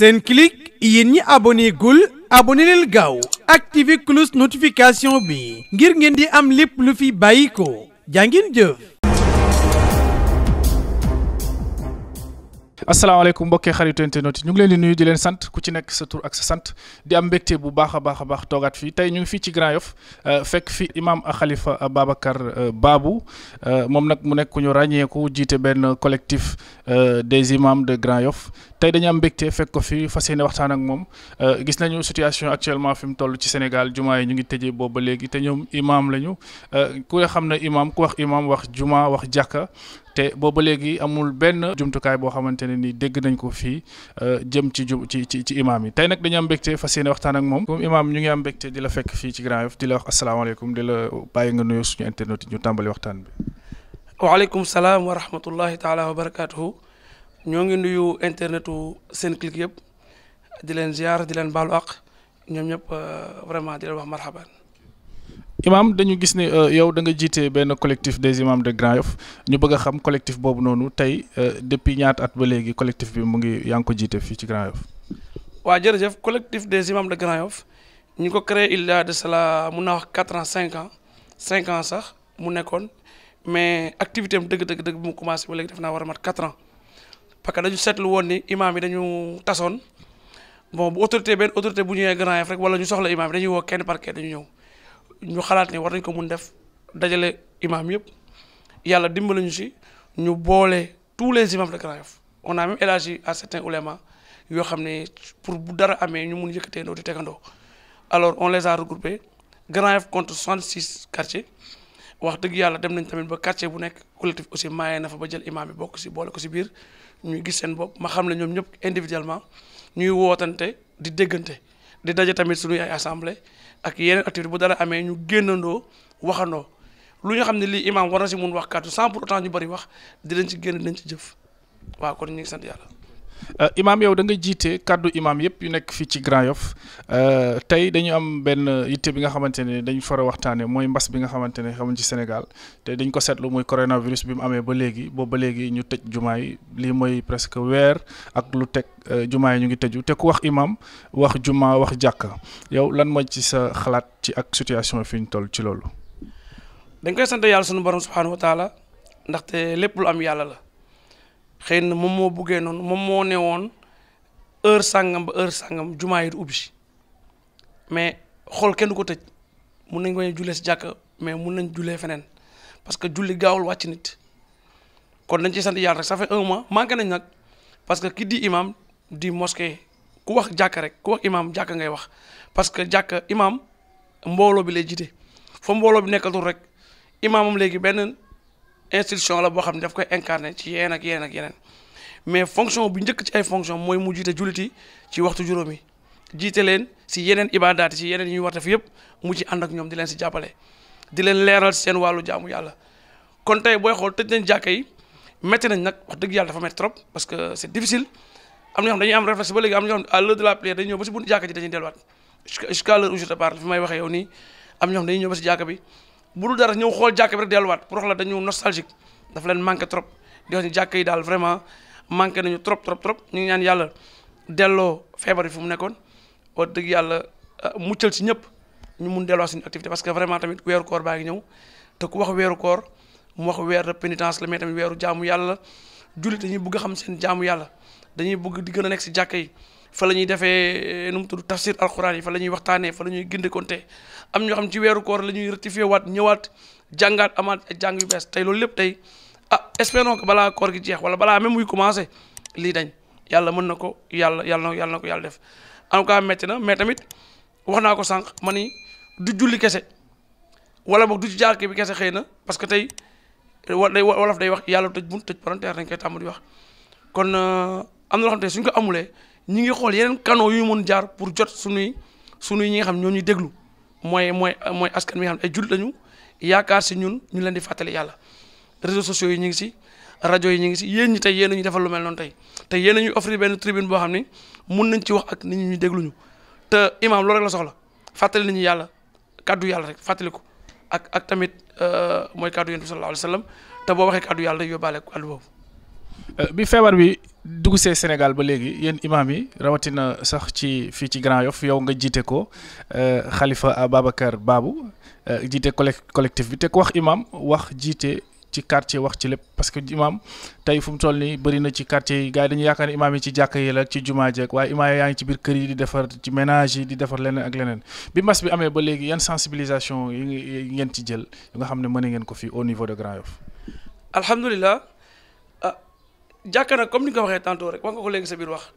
Senclic yéen ñi abonné gul abonné leen gaaw activé cloche notification bi ngir ngeen di am lépp lu fi bàyyi ko jaa ngeen jëf asalaamaaleykum mbokkee xaritu internet ñu ngi leen di nuyu di leen sant ku ci nekk sa tur ak sa sant di am mbégte bu baax a baax a baax toogaat fii tey ñu ngi fii ci Grand Yoff euh, fekk fi imam Khalifa Babacar euh, Babou euh, moom nag mu nekk ku ñu ràññeeku jiite benn collectif des imams de Grand yof tey dañu am mbégte fekk ko fi fas yéene waxtaan ak moom gis nañu situation actuellement fi mu toll ci Sénégal jumaa yi ñu ngi tëjee boobu ba léegi te ñoom imam lañu ku nga xam ne imam ku wax imam wax juma wax jàkka te booba léegi amul benn jumtukaay boo xamante ne ni dégg nañ ko fii euh, jëm ci ju ci ci ci imaam yi tey nag dañu am mbégte fa yéene waxtaan ak moom comme imaam ñu ngi am mbégte di la fekk fii ci Grand Yoff di la wax asalaamaaleykum di la bàyyi nga nuyoo suñu internet yi ñu tàmbali waxtaan bi. waaleykum salaam wa rahmatullahi taala wa barakaatuhu ñoo ngi nuyu internetu seen Senclic yëpp di leen ziar di leen baalu àq ñoom ñëpp euh, vraiment di leen wax marhaban imam dañu gis ne euh, yow da nga jiite benn collectif des imams de Grand Yoff ñu bëgg xam collectif boobu noonu tey euh, depuis ñaat at ba léegi collectif bi mu ngi yaa ngi ko jiite fii ci Grand Yoff waaw jërëjëf collectif des imams de Grand Yoff ñu ko créé il y a de cela mun naa wax quatre ans cinq ans cinq ans sax mu nekkoon mais activité am dëgg dëgg dëgg bu mu commencé ba léegi def naa war a mat quatre ans parce que dañu seetlu woon ni imam yi dañu tasoon bon bu autorité benn autorité bu ñëwee Grand ñu soxla imam dañuy woo ñu xalaat ne war nañ ko mun def dajale imam yëpp yàlla dimbali ñu si ñu boole tous les imams de Grand Yoff on a même élargi à certains oulémas yoo xam ne pour bu dara amee ñu mun yëkkatee ndoo di tegandoo alors on les a regroupés Grand Yoff cent 66 quartiers wax dëgg yàlla dem nañ tamit ba quartier bu nekk collectif aussi maayee na fa ba jël imam bi bokk si boole ko si biir ñuy gis seen bopp ma xam ne ñoom ñëpp individuellement ñuy wootante di déggante. di daje tamit su ay assemblée ak yeneen activité bu dara amee ñu génnandoo waxandoo lu ñu xam ne lii imaam war na si mun wax kàddu sans pour autant ñu bëri wax dinañ ci génn dinañ ci jëf waaw kon ñu sant yàlla Euh, imaam yow da nga jiite kàddu imaam yëpp yu nekk fii ci Grand Yoff euh, tey dañu am benn yitte bi nga xamante ne dañ fara waxtaane mooy mbas bi nga xamante ne xamuñ ci Sénégal te dañ ko seetlu muy coronavirus bi mu amee ba léegi boobu ba léegi ñu tëj jumaa yi lii mooy presque weer ak lu teg euh, jumaa yi ñu ngi tëju te ku wax imaam wax jumaa wax jàkk yow lan mooy ci sa xalaat ci ak situation fi ñu toll ci loolu. dañ koy sant yàlla sunu borom subhaanahu taala lépp lu am yàlla la. xëy na moom moo buggee noonu moom moo ne woon heure sàngam ba heure sàngam jumaa yi du ubbi mais xool kenn ko tëj mun nañ koy jullee si jàkka mais mun nañ jullee feneen parce que julli gaawul wàcc nit kon dañ ciy sant yàlla rek ça fait un mois manqué nañ nag parce que kii di imam di moske ku wax jàkka rek ku wax imam jàkka ngay wax parce que jàkka imam mbooloo bi lay jiite fa mbooloo bi nekkatul rek imaamam léegi benn. institution la boo xam ne daf koy incarné ci yeneen ak yeneen ak yeneen mais fonction bu njëkk ci ay fonction mooy mu jiite julliti ci waxtu juróomi jiite leen si yeneen ibadaat si yeneen yu war fi yëpp mu ci ànd ñoom di leen si jàppale di leen leeral seen wàllu jaamu yàlla kon tey booy xool tëj nañ jàkka yi métti nañ nag wax dëgg yàlla dafa métti trop parce que c'est difficile am na ñoo xam may waxee yow nii am na ñoo xam dañuy ñëw ba si jàkka bi bu dul dara ñëw xool jàkk bi rek delluwaat pour wax la dañu nostalgique daf leen manqué trop di wax ni jàkk yi daal vraiment manqué nañu trop trop trop ñu ngi ñaan yàlla delloo feebar yi fu mu nekkoon wax dëgg yàlla ah, muccal si ñëpp ñu mun delloo suñu activité parce que vraiment tamit weeru koor baa ngi ñëw te ku wax weeru koor mu wax weer de pénitence la mais tamit weeru jaamu yàlla jullit ñuy bëgg xam seen jaamu yàlla dañuy bugg di gën a nekk si jàkk yi fa la ñuy defee nu mu tudd tafsir alquran yi fa la ñuy waxtaanee fa la ñuy gindekonte am ñoo xam ci weeru koor la ñuy rectifié waat ñëwaat jàngaat amaat jàng yu bees tey loolu lépp tey ah espérons que balaa koor gi jeex wala balaa même muy commencé lii dañ yàlla mën na ko yàlla yàlla na ko yàlla def en tout cas métti na mais tamit wax naa ko sànq ma ni du julli kese wala boog du ci jaar bi kese xëy na parce que tey wolof day wax yàlla tëj bunt tëj parenteer dañ koy tàmm di wax kon euh, am na te suñ ko amulee ñi ngi xool yeneen kano yu mun jaar pour jot suñuy suñuy ñi nga xam ñoo ñuy déglu mooy mooy mooy askan wi nga xam ay jullit lañu yaakaar si ñun ñu leen di fàttali yàlla réseaux sociaux yi ñu ngi si rajo yi ñu ngi si yéen ñi tey yéen ñu defal lu mel noonu tey te yéen ñuy offrir benn tribune boo xam ni mun nañ ci wax ak nit ñi ñu dégluñu te imaam loolu rek la soxla fàttali nañu yàlla kàddu yàlla rek fàttali ko ak ak tamit euh, mooy kàddu yonent bi sallallahu alayhi wa te boo waxee kàddu yàlla day yóbbaale kàddu dugg see Sénégal ba léegi yéen imaam yi rawatina sax ci fii ci Grand Yoff yow nga jiite ko euh, Khalifa Ababacar Babou euh, jiite collectif bi te ko wax imaam wax jiite ci quartier wax ci lépp parce que imaam tey fu mu toll nii bëri na ci quartier yi gars dañu yaakaar ne imaam yi ci jàkk yi la ci jumaa jeeg waaye imaam yaa ngi ci biir kër yi di defar ci ménage yi di defar leneen ak leneen bi mbas bi amee ba léegi yan sensibilisation yi ngeen ci jël yu nga xam ne mën ngeen ko fii au niveau de Grand jàkka nag comme ni nga waxee tantôt rek wax nga ko léegi sa biir wax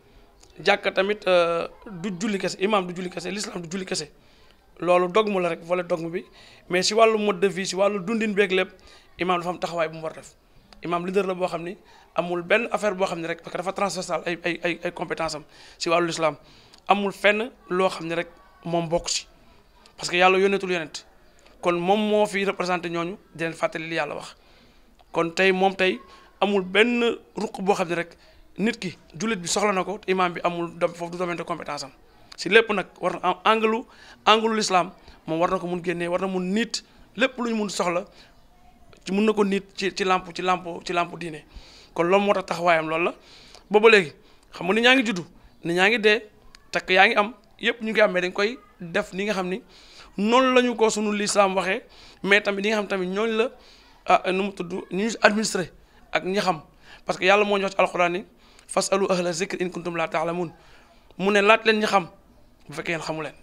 jàkka tamit euh, du julli kese imaam du julli kese l'islam du julli kese loolu dogmu la rek volet dogmu bi mais si wàllu mode de vie si wàllu dundin beeg lépp imaam dafa am taxawaay bu mu war def imaam leader la boo xam ni amul benn affaire boo xam ne rek parce que dafa transversal ay ay ay compétence am si wàllu l'islam amul fenn loo xam ne rek moom bokk si parce que yàlla yónneetul yonent kon moom moo fi représenté ñooñu di leen fàttali li yàlla wax kon tey moom tey amul benn ruq boo xam ne rek nit ki jullit bi soxla na ko imaam bi amul foofu du domaine de compétence am si lépp nag war na am angalu angalu lislaam moom war na ko mun génnee war na mun niit lépp lu ñu mun soxla ci mun na ko niit ci ci làmp ci làmp ci làmp diine kon loolu moo tax taxawaayam loolu la boobu léegi xam nga nit ñaa ngi juddu ni ñaa ngi dee takk yaa ngi am yëpp ñu ngi am mais dañ koy def ni nga xam ni noonu la ñu ko sunu lislaam waxee mais tamit li nga xam tamit ñooñu la ah nu mu tudd ñu administré ak ñi xam parce que yàlla moo ñu wax ci alxuraan ni fasalu ahla zikri in kuntum laa taalamun mu ne laaj leen ñi xam bu fekkee xamu leen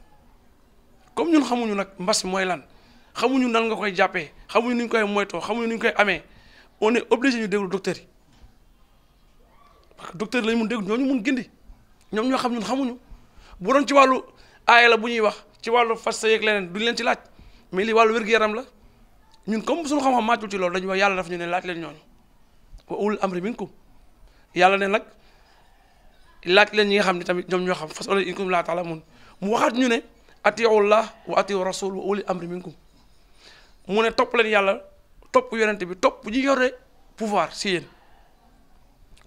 comme ñun xamuñu nag mbas mooy lan xamuñu nan nga koy jàppee xamuñu nuñ koy moytoo xamuñu nuñ koy amee on est obligé ñu déglu docteur yi parce que docteur lañ mun déglu ñooñu mun gindi ñoom ñoo xam ñun xamuñu bu doon ci wàllu aaya la bu ñuy wax ci wàllu fas sa yeeg leneen duñ leen ci laaj mais lii wàllu wér-gu-yaram la ñun comme suñu xam-xam màccul ci loolu dañu wax yàlla daf ñu ne laaj leen wa ulul amri minkum yàlla ne nag laaj leen ñi nga xam ne tamit ñoom ñoo xam fas ole la laa taalamun mu waxaat ñu ne atiullah wa atiu rasul wa ulul amri minkum mu ne topp leen yàlla topp yonente bi topp ñi yore pouvoir si yéen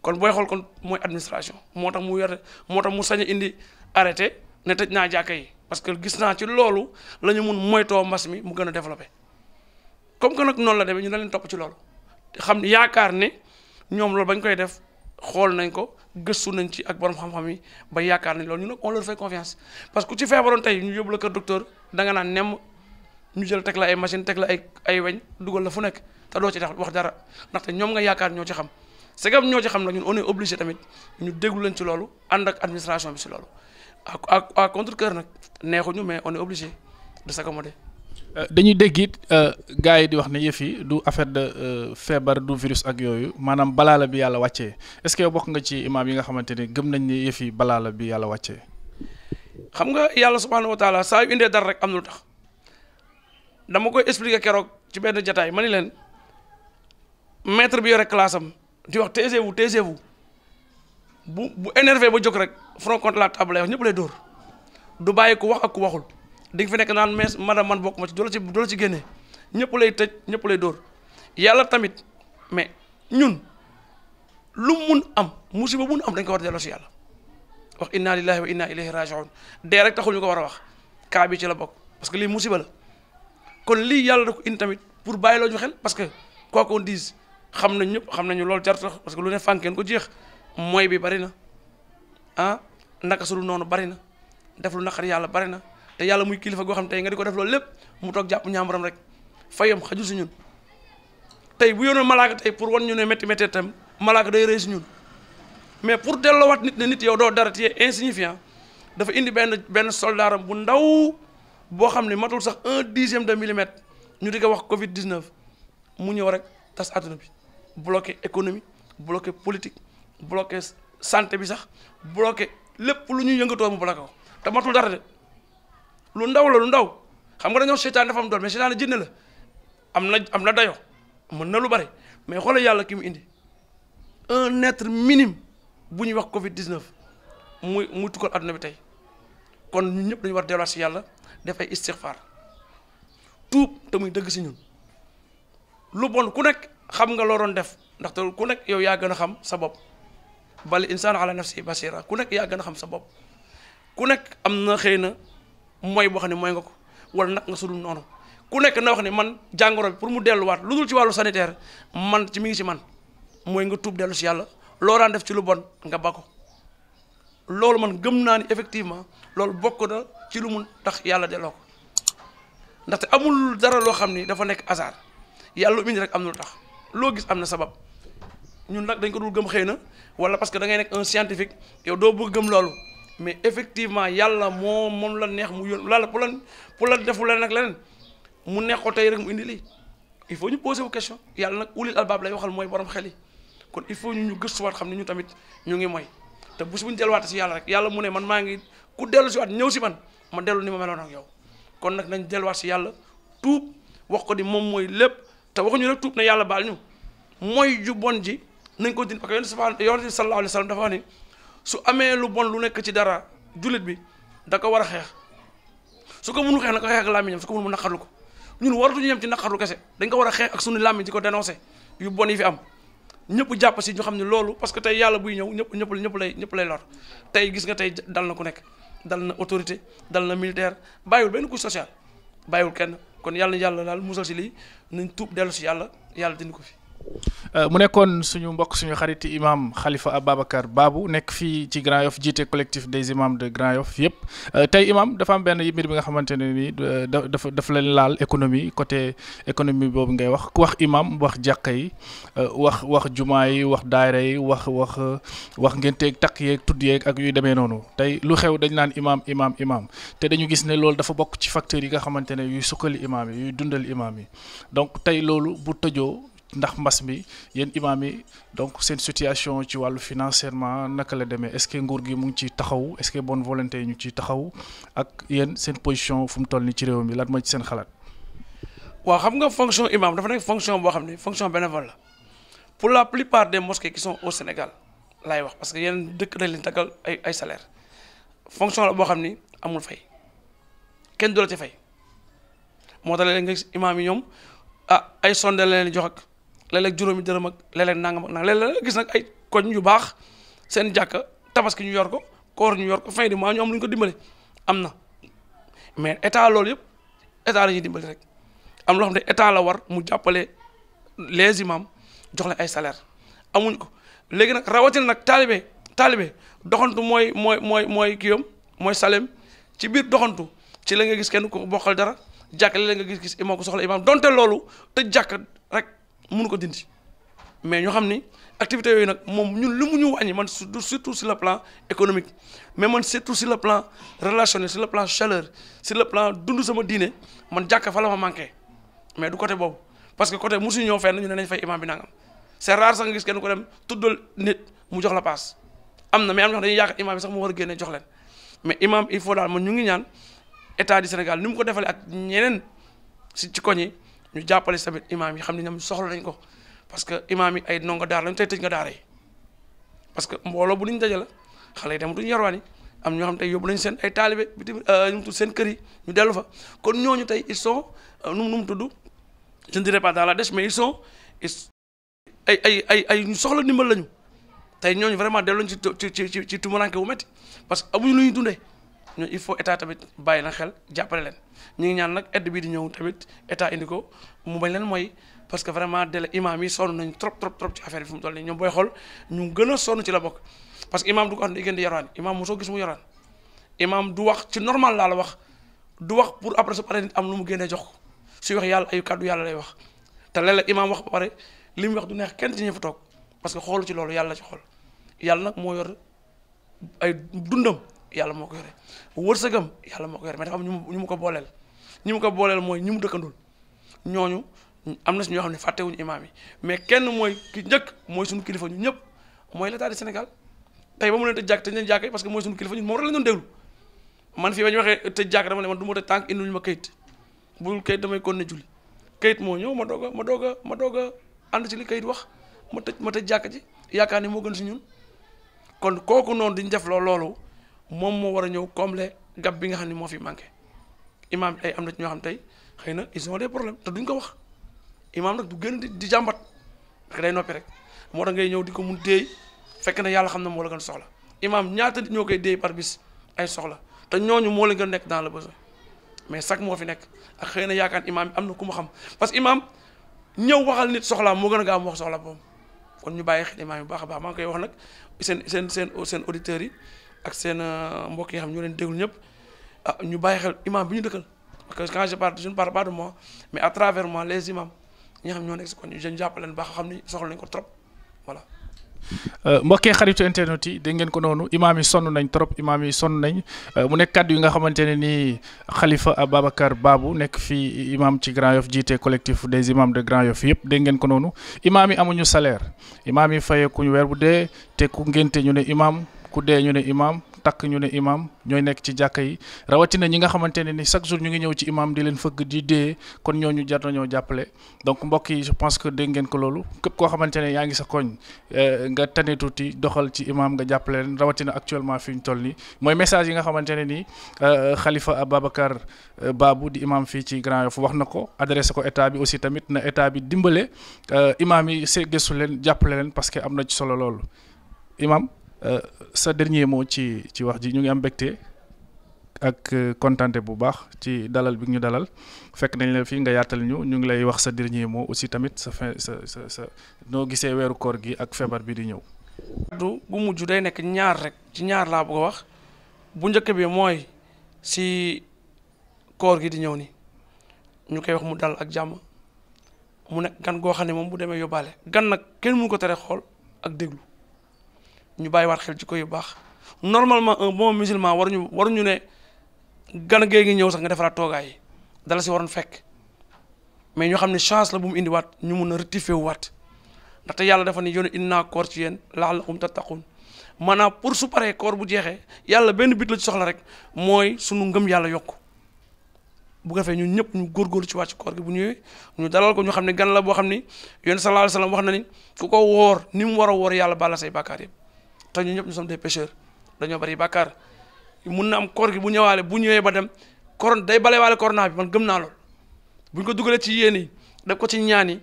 kon booy xool kon mooy administration moo tax mu yore moo tax mu sañ indi arrêté ne tëj naa jàkka yi parce que gis naa ci loolu la ñu mun moytoo mbas mi mu gën a développé comme que nag noonu la demee ñu ne leen topp ci loolu ñoom loolu bañ koy def xool nañ ko gëstu nañ ci ak borom xam-xam yi ba yaakaar nañ loolu ñu nag on leur fait confiance parce que ci feebaroon tey ñu yóbbu la kër docteur da nga naan nemm ñu jël teg la ay machine teg la ay ay weñ dugal la fu nekk te doo ci tax wax dara ndaxte ñoom nga yaakaar ñoo ci xam segam ñoo ci xam la ñun on est obligé tamit ñu déglu leen ci loolu ànd ak administration bi si loolu ak ak à contre cœur nag neexu ñu mais on est obligé de s'accommoder Euh, dañuy dégg it euh, gars yi di wax ne yëf du affaire de euh, feebar du virus ak yooyu maanaam balaa la bi yàlla wàccee est bokk nga ci imaam yi nga xamante ne gëm nañ ne yëf yi balaa la bi yàlla wàccee. xam nga yàlla subhaanahu wa taala saa yu indee dara rek am na lu tax dama koy expliquer keroog ci benn jataay ma ni leen maître bi yore classe am di wax taisez-vous taisez-vous bu bu énervé ba jóg rek front contre la table lay wax ñëpp lay dóor du bàyyi ku wax ak ku waxul. di fi nekk naan mais madame man bokk ma ci doo la ci doo la ci ñëpp lay tëj ñëpp lay dóor yàlla tamit mais ñun lu mun am musiba mun am dañ ko war a delloo si yàlla wax inna lillahi wa inna ilayhi rajiun dee rek taxul ñu ko war a wax kaa bi ci la bokk parce que lii musiba la kon lii yàlla da ko indi tamit pour bàyyi loo xel parce que quoi qu'on dise xam nañ ñëpp xam nañu loolu jar sax parce que lu ne fànkeen ko jeex mooy bi bari na ah naka su lu noonu bari na def lu naqar yàlla bari na te yàlla muy kilifa goo xam tey nga di ko def loolu lépp mu toog jàpp ñaamaram rek fayam xajul si ñun tey bu yónnee malaaka tey pour wan ñu ne métti métti tam malaaka day rëy si ñun mais pour delloowaat nit ne nit yow doo dara te insignifiant dafa indi benn benn soldaaram bu ndaw boo xam ne matul sax un dixième de millimètre ñu di ko wax Covid 19 mu ñëw rek tas àdduna bi bloqué économie bloqué politique bloqué santé bi sax bloqué lépp lu ñuy yëngatoo mu bloqué matul dara lu ndaw la lu ndaw xam nga dañoo seytaane dafa am doon mais seytaane jinne la am na am na dayo mën na lu bari mais xoolal yàlla ki mu indi un être minime bu ñuy wax Covid 19 muy muy tukkal adduna bi tey kon ñun ñëpp dañu war delluwaat si yàlla def ay istixfaar tuub te muy dëgg si ñun lu bon ku nekk xam nga loo doon def ndaxte ku nekk yow yaa gën a xam sa bopp bal insaan ala nafsi basira ku nekk yaa gën a xam sa bopp ku nekk am na xëy na. mooy boo xam ne mooy nga ko wala nag nga sudul noonu ku nekk na wax ne man jàngoro bi pour mu delluwaat lu dul ci wàllu sanitaire man ci mi ngi ci man mooy nga tuub dellu si yàlla loo daan def ci lu bon nga ba ko loolu man gëm naa ni effectivement loolu bokk na ci lu mun tax yàlla delloo ko ndaxte amul dara loo xam ni dafa nekk hasard yàlla lu indi rek am na lu tax loo gis am na sabab ñun nag dañ ko dul gëm xëy na wala parce que da ngay nekk un scientifique yow doo gëm loolu mais effectivement yàlla moo moom la neex mu yónn lala pour la pour la defu leen nag leneen mu neex tey rek mu indi lii il faut ñu posé wu question yàlla nag ulil albaab lay waxal mooy borom xel kon il faut ñu ñu gëstuwaat xam ne ñu tamit ñu ngi mooy te bés bu ñu delluwaate si yàlla rek yàlla mu ne man maa ngi ku dellu si waat ñëw si man ma dellu ni ma meloon ak yow kon nag nañ delluwaat si yàlla tuub wax ko di moom mooy lépp te wax rek tuub na yàlla baal ñu mooy ju ji nañ ko din parce que yonent sallallahu alayhi wa sallam dafa su amee lu bon lu nekk ci dara jullit bi da war a xeex su ko mënul xeex na ko xeex ak làmmiñam su ko mënul mu naqarlu ko ñun waratuñu yem ci naqarlu kese dañ ko war a xeex ak suñu làmmiñ di ko dénoncé yu bon yi fi am ñëpp jàpp si ñu xam ne loolu parce que tey yàlla buy ñëw ñëpp ñëpp ñëpp lay ñëpp lay lor tey gis nga tey dal na ku nekk dal na autorité dal na militaire bàyyiwul benn ko sociale bàyyiwul kenn kon yàlla yàlla daal musal si lii nañ tuub dellu si yàlla yàlla dindi ko fi Euh, mu nekkoon suñu mbokk suñu xarit imam xalifa Ababacar baabu nekk fii ci Grand Yoff jiite collectif des imams de Grand Yoff yëpp euh, tey imam dafa am benn mbir bi nga xamante ne nii euh, dafa dafa leen laal économie côté économie boobu ngay wax ku wax imam wax jàkka yi wax wax jumaa yi wax daayira yi wax wax wax ngenteeg takk yeek tudd yeeg ak yuy demee noonu tey lu xew dañ naan imaam imam imam te dañu gis ne loolu dafa bokk ci facteurs yi nga xamante ne yuy sukkali imam yuy dundal imam yi ndax mbas bi yéen imaam yi donc seen situation ci wàllu financièrement naka la demee est-ce nguur gi mu ngi ciy taxaw est-ce que bonne volonté ñu ciy taxaw ak yéen seen position fu mu toll nii ci réew mi lan mooy ci seen xalaat. waaw xam nga fonction imam dafa nekk fonction boo xam ne fonction bénévole la pour la plupart des mosquées qui sont au Sénégal laay wax parce que yeneen dëkk dañ leen taggal ay ay salaire fonction la boo xam ni amul fay kenn du la ci fay moo tax la nga imam yi ah ay sonde la jox ak léeg juróomi dërëm ak léeg-léeg nangam ak gis nag ay koñ yu baax seen jàkka tabaski ñu yor ko koor ñu yor ko fin lu ñu ko dimbale am na mais état loolu yëpp état la dimbali rek am loo ne état la mu jàppale les imams jox leen ay salaire amuñ ko léegi nag rawatina nag taalibe taalibe doxantu mooy mooy mooy mooy kiyom mooy salem ci biir doxantu ci la nga gis kenn ku bokkal dara jàkk la nga gis gis imaam ko soxla imaam donte loolu te jàkk mënu ko dindi mais ñu xam ni activité yooyu nag moom ñun lu mu ñu wàññi man surtout sur le plan économique mais man surtout sur le plan relationnel sur le plan chaleur sur le plan dund sama diine man jàkka fa la ma manqué mais du côté boobu parce que côté mosuñu ñëw fenn ñu ne nañ fay imam bi nangam c'est rare sax nga gis kenn ko dem tuddal nit mu jox la paas am na mais am na ñoo xam dañuy yaakaar imam bi sax mu war a génne jox leen mais imam il faut daal man ñu ngi ñaan état du Sénégal ni mu ko defalee ak ñeneen si ci koñ yi ñu jàppale samit tamit imaam yi xam ne ñoom soxla nañ ko parce que imaam yi ay ndongo daara lañ tey tëj nga daara yi parce que mbooloo bu ñu daje la xale yi tamit duñu yarwaan yi am ñoo xam tey yóbbu nañ seen ay taalibe bitim ñu euh, mu tudd seen kër yi ñu dellu fa kon ñooñu tey ils sont euh, nu nu mu tudd je ne dirais pas la dèche mais ils ay ay ay ay ñu soxla ndimbal lañu tey ñooñu vraiment delluñ ci ci ci ci wu métti parce que amuñu lu ñu dundee ñu il faut état tamit bàyyi na xel jàppale leen ñu ngi ñaan nag aide bii di ñëw tamit état indi ko mu bañ leen mooy parce que vraiment délai imam yi sonn nañ trop trop trop ci affaire bi fu mu toll nii ñoom booy xool ñu gën a sonn ci la bokk parce que imam du ko wax ne gën di yoraan imam mosoo gis mu yoraan imam du wax ci normal laa la wax du wax pour après su pare nit am lu mu génnee jox ko suy wax yàlla ay kàddu yàlla lay wax te léeg imaam wax ba pare li mu wax du neex kenn ci ñi toog parce que xoolu ci loolu yàlla ci xool yàlla moo yor ay dundam. yàlla moo ko yore wërsëgam yàlla moo ko yore mais dafa am ñu mu ko booleel ñu mu ko booleel mooy ñi mu dëkkandul ñooñu am na si ñoo xam ne fàttewuñu imaam yi mais kenn mooy ki njëkk mooy suñu kilifa ñun ñëpp mooy l'état du Sénégal tey ba mu leen tëj jàkk jàkk parce que mooy suñu kilifa ñun moom rek la ñu doon déglu man fii ba ñu waxee tëj jàkk dama ne man du ma tëj tànk indil ma kayit bu dul kayit damay kon ne julli kayit moo ñëw ma doog a ma doog a ma doog ànd ci li kayit wax ma tëj ma tëj jàkk ji yaakaar ni moo gën si ñun kon kooku noonu diñ def loolu moom moo war a ñëw combler gab bi nga xam ne moo fi manqué imaam tey am na ci ñoo xam tey xëy na ison ont des te duñ ko wax imaam nag du gën di di jàmbat parce que day noppi rek moo tax ngay ñëw di ko mun déey fekk na yàlla xam na moo la gën soxla imaam ñaata nit ñoo koy déey par bis ay soxla te ñooñu moo la gën nekk dans le besoin mais sax moo fi nekk ak xëy na yaakaar imaam am na ku ma xam parce que imaam ñëw waxal nit soxla moo gën a gaaw mu wax soxla boobu kon ñu bàyyi xel imaam yu baax a maa ngi koy wax nag seen seen seen seen auditeurs yi ak seen euh, mbokk yi xam ñu leen déglu ñëpp ah, ñu bàyyi xel imam bi ñu dëkkal parce que quand je parle je ne parle pas mais à travers moi les imams ñi nga xam ñoo nekk si kon ñu jàpp leen baax xam ni soxla nañ ko trop voilà. Euh, mbokkee xaritu internet yi dégg ngeen ko noonu imaam yi sonn nañ trop imaam yi sonn nañ euh, mu nekk kàdd yi nga xamante ne nii xalifa Ababacar Babou nekk fii imaam ci Grand Yoff jiite collectif des imams de Grand Yoff yëpp dégg ngeen ko noonu imaam yi amuñu salaire imaam yi fayeekuñu weer bu dee te ngénte ñu ne imaam ku dee ñu ne imaam takk ñu ne imaam ñooy nekk ci jàkk yi rawatina ñi nga xamante ne ni chaque jour ñu ngi ñëw ci imaam di leen fëgg di dee kon ñooñu jar nañoo jàppale donc mbokk yi je pense que dégg ngeen ko loolu képp koo xamante ne yaa ngi sa koñ eh, nga tane tuuti doxal ci imaam nga jàppale leen rawatina actuellement fi ñu toll nii mooy message yi nga xamante ne ni eh, Khalifa Ababacar eh, Babou di imaam fii ci Grand Yoff wax na ko adressé ko état bi aussi tamit na état bi dimbale imaam yi see leen jàppale leen parce que am na ci solo loolu Euh, sa dernier mot ci ci wax ji ñu ngi am mbégte ak euh, kontante bu baax ci dalal bi ñu dalal fekk nañ la fii nga yaatal ñu ñu ngi lay wax sa dernier mot aussi tamit sa fin sa noo gisee weeru koor gi ak feebar bi di ñëw. kaddu bu mujj day nekk ñaar rek ci ñaar laa bëgg wax bu njëkk bi mooy si koor gi di ñëw ni ñu koy wax mu dal ak jàmm mu nekk gan goo xam ne moom bu demee yóbbaale gan nag kenn mu ko tere xool ak déglu. ñu bàyyi waat xel ci ko yu baax normalement un bon musulman waruñu waruñu ne gan gee ngi ñëw sax nga defaraat toogaay yi dala si waroon fekk mais ñoo xam ne chance la bu mu indiwaat ñu mun a rectifier waat ndaxte yàlla dafa ni ne yónni naa koor ci yéen la'allakum tattaqun maanaam pour su paree koor bu jeexee yàlla benn bit la ci soxla rek mooy sunu ngëm yàlla yokk bu ko defee ñun ñëpp ñu góorgóorlu ci wàcc koor gi bu ñëwee ñu dalal ko ñu xam ne gan la boo xam ni yéen sallallahu alayhi wasallam wax na ni ku ko woor ni mu war a woor yàlla bàlla say bàkkaar yëpp te ñu ñëpp ñu sommes des pécheurs dañoo bari bàkkaar mun na am koor gi bu ñëwaale bu ñëwee ba dem koron day balewaale kor naa bi man gëm naa lool bu buñ ko dugalee ci yéen yi def ko ci ñaan yi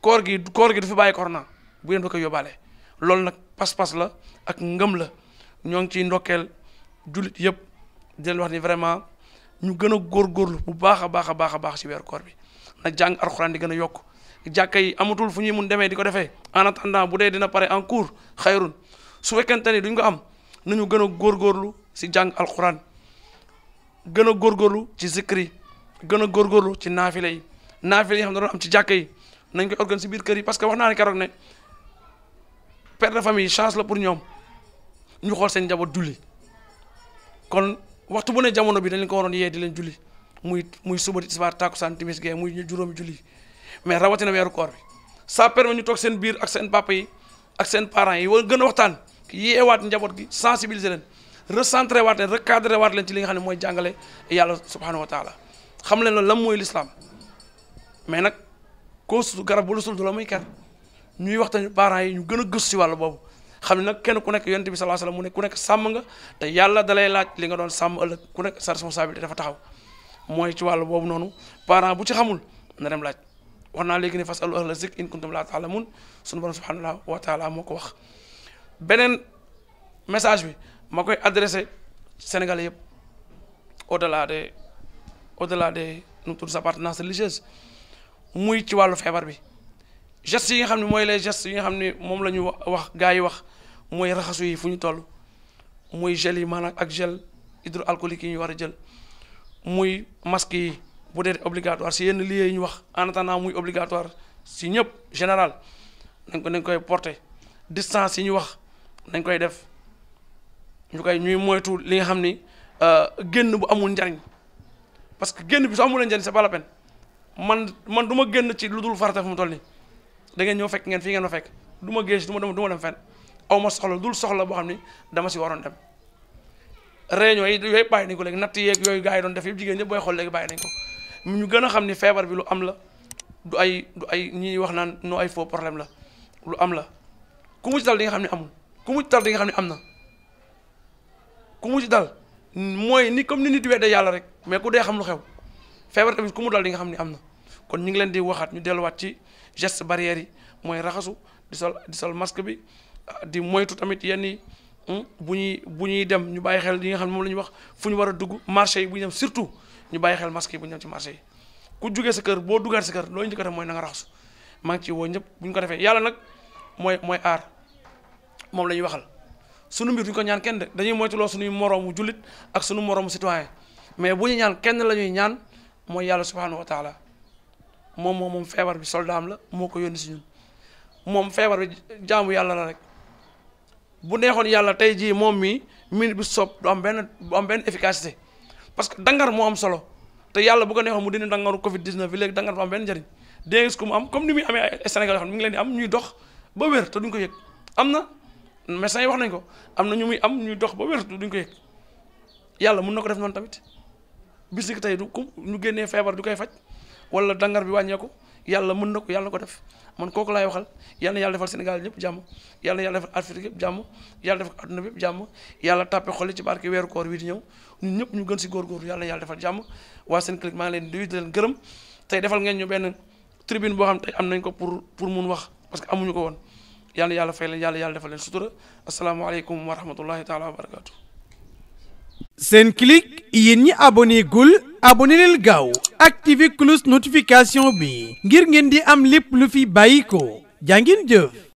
koor gi koor gi du fi bàyyi corona bu yéen da koy yóbbaale loolu nag pas-pas la ak ngëm la ñoo ngi ciy ndokkeel jullit yëpp di wax ni vraiment ñu gën a góorgóorlu bu baax a baax a baax a baax ci weer koor bi na jàng alxuraan di gën a yokk jàkka yi amatul fu ñuy mun demee di ko defee en attendant bu dee dina pare en cours xayrun su fekkente ni duñ ko am nañu gën a góorlu si jàng alquran gën a góorgóorlu ci zikri gën a góorlu ci naafile yi naafile yi xam ne doon am ci jàkka yi nañ koy si biir kër yi parce que wax naa ne keroog ne père de famille chance la pour ñoom ñu xool seen njaboot julli kon waxtu bu ne jamono bi dañ ko waroon yee di leen julli muy muy suba tisbaar takkusaan timis gee muy juróomi julli mais rawatina weeru koor bi ça permet ñu toog seen biir ak seen papa yi ak seen yi war gën a waxtaan. yeewaat njaboot gi sensibiliser leen recentre waat leen recadré waat leen ci li nga xam ne mooy jàngale yàlla subhanahu wa taala xam leen loolu lan mooy l'islam mais nag koo su la sul du la muy ker ñuy waxtaan parents yi ñu gën a gëstu si wàllu boobu xam ne kenn ku nekk yonent bi sallallahu alayhi mu ne ku sàmm nga te yàlla dalay laaj li nga doon sàmm ëllëg ku nekk sa responsabilité dafa taxaw mooy ci wàllu boobu noonu parent bu ci xamul na dem laaj wax naa léegi ne fas alu ahla zik in kuntum laa taalamun sunu borom subhanahu laa taala moo ko wax beneen message bi ma koy adressé Sénégalais yëpp au delà des au delà des sa tudd appartenance religieuse muy ci wàllu feebar bi gestes yi nga xam ne mooy les gestes yi nga xam ne moom la ñu wax gars yi wax mooy raxasu yi fu ñu toll muy gel yi maanaam ak gel hydroalcoolique yi ñu war a jël muy masque yi bu dee obligatoire si yenn lieux yi ñu wax en muy obligatoire si ñëpp général nañ ko nañ koy porté distance yi ñu wax nañ koy def ñu koy ñuy moytu li nga xam ni euh, génn bu amul njariñ parce que génn bi su amul njariñ c'est pas la man man du ma génn ci lu dul farata fu mu toll nii da ngeen ñëw fekk ngeen fii ngeen ma fekk du ma géej du ma dem du ma dem fenn aw ma soxla dul soxla boo xam ni dama si waroon dem. réunion yi yooyu bàyyi dañ ko léegi natt yeeg yooyu gars yi doon def yëpp jigéen ñëpp booy xool léegi bàyyi nañ ko ñu gën a xam ni feebar bi lu am la du ay du ay ñii wax naan noo ay faux problème la lu am la ku mu nga xam ne amul. ku mu dal di nga xam ne am na ku mu ci dal mooy ni comme ni nit wedde yàlla rek mais ku dee xam lu xew feebar tamit ku mu dal di nga xam ne am na kon ñu ngi leen di waxaat ñu delluwaat ci geste barrière yi mooy raxasu di sol di sol masque bi di moytu tamit yenn yi hmm, bu ñuy bu ñuy dem ñu bàyyi xel yi nga xam ne moom la ñuy wax fu ñu war a dugg marché yi bu ñu dem surtout ñu bàyyi xel masque yi bu ñu dem ci marché yi ku jugee sa kër boo duggaat sa kër loo ñu ko mooy na nga raxasu maa ciy woo ñëpp bu ñu ko defee yàlla mooy mooy aar moom la ñuy waxal sunu mbir duñ ko ñaan kenn de dañuy moytuloo suñuy moroomu jullit ak sunu moroomu citoyen mais bu ñu ñaan kenn la ñuy ñaan mooy yàlla subhanahu wa moom moom moom feebar bi am la moo ko yónni si ñun moom feebar bi jaamu yàlla la rek bu neexoon yàlla tey jii moom mii minute bi soob du am benn du am benn efficacité parce que dangar moo am solo te yàlla bu ko neexoon mu dindi dangaru Covid 19 bi léegi dangar du am benn njëriñ dégg nga ko am comme ni muy amee ay ngi leen di am ñuy dox ba wér te duñ ko yëg am na. médecins yi wax nañ ko am na ñu muy am ñuy dox ba wér duñ ko yëg yàlla mun na ko def noonu tamit bis ni tey du ku ñu génnee feebar du koy faj wala dangar bi wàññeeku yàlla mën na ko yàlla ko def man kooku laay waxal yàlla yàlla defal Sénégal yëpp jàmm yàlla yàlla defal Afrique yëpp jàmm yàlla defal adduna bi jàmm yàlla tàppe xol ci barke weeru koor wi di ñëw ñëpp ñu gën si góorgóorlu yàlla yàlla defal jàmm waa Senclic maa ngi leen di nuyu di leen gërëm tey defal ngeen ñu benn tribune boo xam tey am nañ ko pour pour mun wax parce que amuñu ko woon yàlla yàlla fay leen yàlla yàlla defal leen sutura asalaamaaleykum wa rahmatullahi ñi abonné gul abonné leen gaaw activé cloche notification bi ngir ngeen di am lépp lu fi bàyyi ko jaa ngeen jëf.